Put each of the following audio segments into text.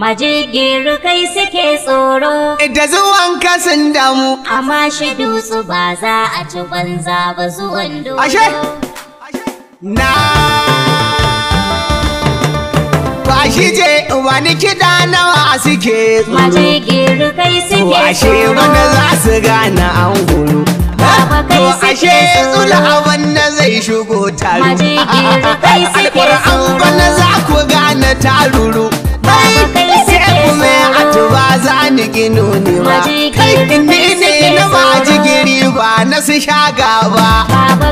Majigir kai suke tsoro. Da zuwan kasin damu. Amma shi dutsu ba za a ci banza ba zuwan dutsu. Ashe! Na! Ba shi je wani kiɗa nawa suke tsoro. Majigir kai suke tsoro. ashe wani za su gane an Ko ashe zula abin da zai shigo taro alƙur'an bana za ku gane taruru ba za ni gino ne ba kai ne ne na ba jigiri ba na su shaga ba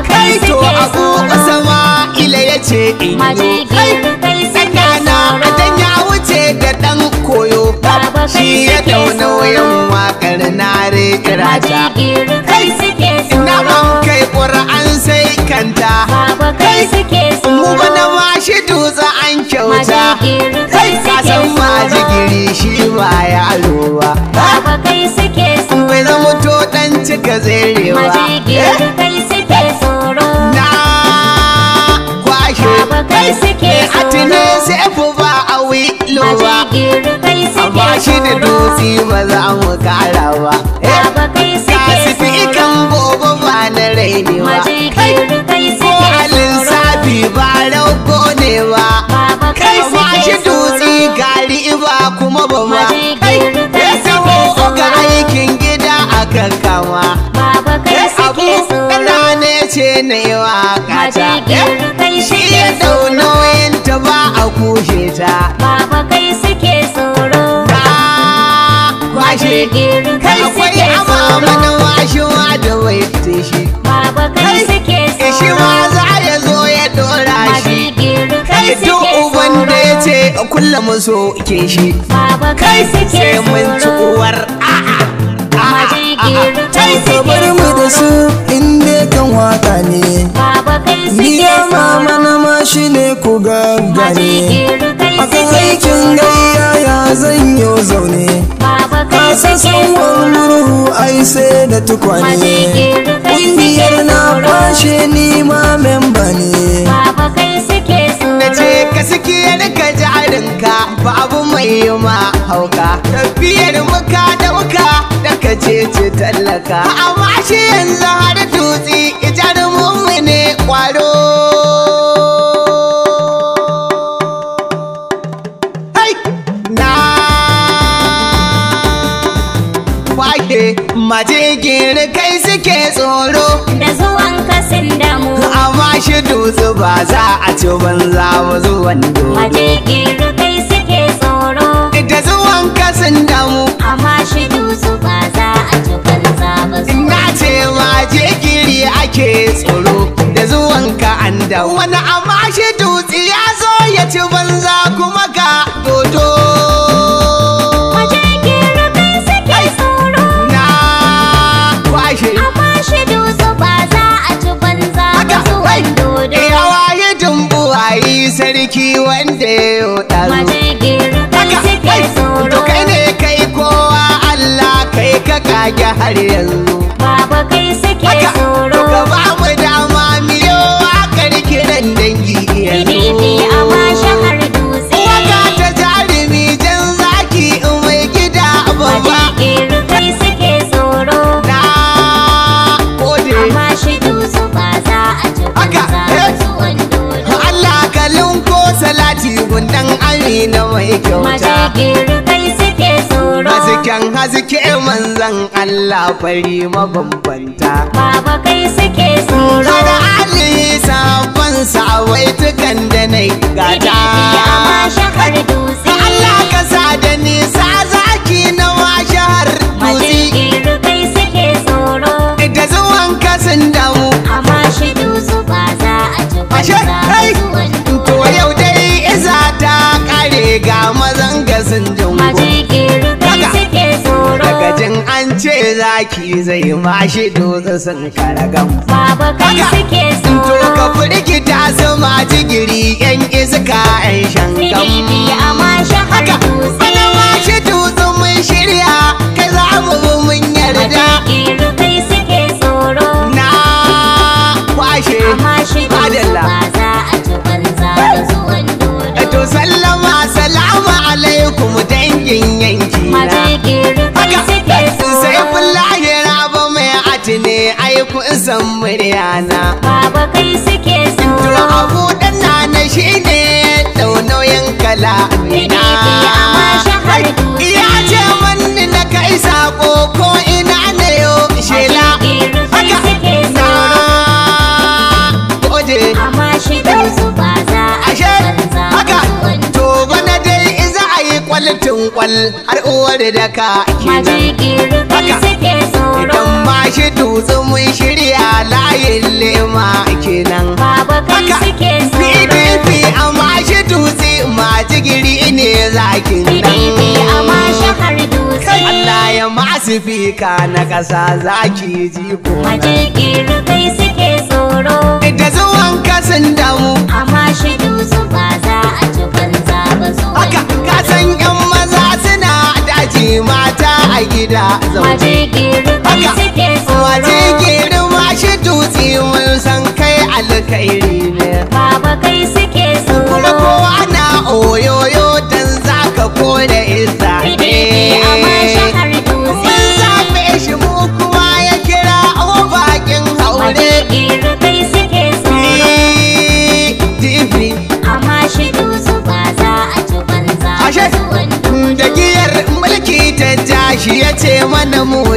kai to abu sama ila ya ce in yi tsakana a can ya wuce da dan koyo shi ya tauna wayan wakar na rekira ta Kai na an kai ƙura'an sai kanta Kai mu bana ma shi dutse an kyauta shi ba yaro ba baba kai suke so bai zama to dan cika zarewa majigiyar kai suke tsoro na kwashe baba kai suke tsoro a tuni sai ba a suke tsoro, amma shi da dutse ba za mu kara ba eh, baba kai suke tsoro ka su fi ikan bobo ba na raini ba majigiyar kuma ba ma ya samu oga aikin gida a kan kama abu ɗana ce na yi waƙata eh, shi ya ɗau nauyin ta ba a kushe ta kai akwai amama na washewa da wai shi kai suke tsoro sai kullum so ke shi Baba kai suke mun ci uwar ta bar mu da su inda kan waka ne ni ya mama na ma shi ne ku gangane akan aikin gayya ya zan yi zaune Baba ka san san wani ruhu ai sai da tukwane Baba kai suke hauka tafiyar muka ka daga ce tallaka amma shi yanzu har tutsi ijar mu ne kwaro Majigin kai suke tsoro Da zuwan kasin damu Amma shi dutse ba za a ci banza ba zuwan dole Majigin kai suke sun damu amma shi ba za a ci banza ba ina ce ma jegiri ake tsoro da zuwanka an da wani amma shi dutse ya zo ya ci banza kuma ga dodo sarki wanda ya har yanzu baba kai suke tsoro ka ba mu dama miyo akar kiran dangi yanzu ni a ma shahar dutse waka ta jarumi jan zaki mai gida babba irin kai suke tsoro na gode amma shi dutse ba za a cikin ba za eh. Allah ka ko salati gundan amina mai kyauta suke manzan Allah fari mabambanta. Baba kai suke tsoro. zaki zai mashi dozo sun karagan baba kai suke so to ka furki ta sama jigiri yan iska yan shankan a mashi haka bana mashi dutsen ne ai kun san muryana baba kai suke saura abu dan na shine daunauyin kala ina ya ce manni na kai sako ko ina ne kwal har uwar da ka kenan idan ba shi tutsu mun shirya layin lema kenan baba kai suke shi ne zakin nan shahar Allah ya masu fika na ƙasa k'i ji ko kai suke tsoro da zuwan kasan damu amma shi tutsi ba za a ci banza ba zuwa haka akwai mata a gida zaune wace girma shi tutsi mun san kai alkairi ne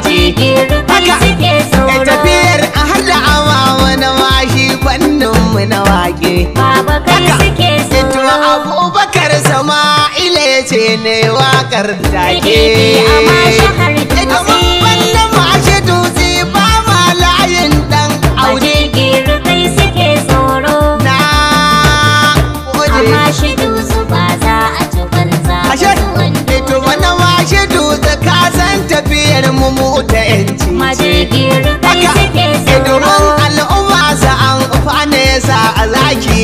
daji haka da tafiyar a halawa na mashi. bannin mu na wake haka abubakar sama'ila ya ce ne wakar take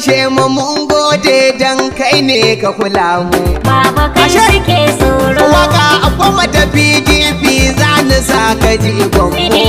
ashe mu mun gode dan kai ne ka kula mu baba kai shike tsoro waka akwai matafi jifi za ni sa ka ji gwamnati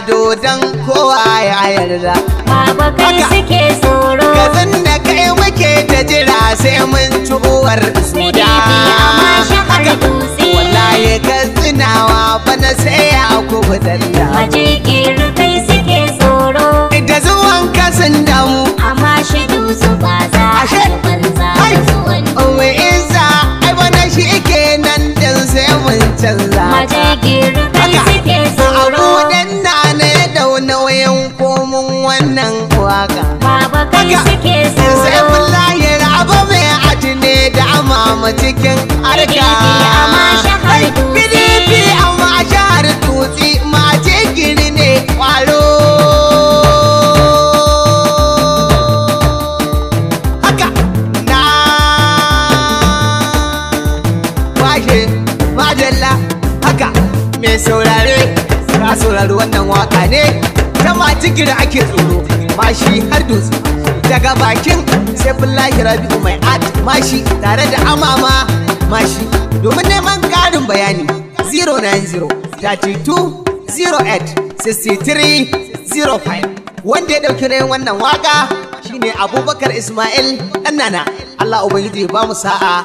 gado don kowa ya yarda baba kai suke tsoro gazan da kai muke ta jira sai mun ci uwar suda wallahi ka tsinawa bana sai ya kubutar da wannan waka baba kai suke so sai billahi raba mai aji ne da amama cikin arka PDP amma shahar tutsi mace gini ne kwaro haka na mai saurare ka saurari wannan waka ne da ake tsoro mashi har dutse daga bakin sai bullahi rabi'u mai at mashi tare da amama mashi domin neman karin bayani 090 32 08 63 05 wanda ya ɗauki nayin wannan waka shine abubakar ismail ɗannana allah ubangiji ba mu sa'a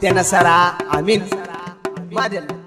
da nasara amin madalla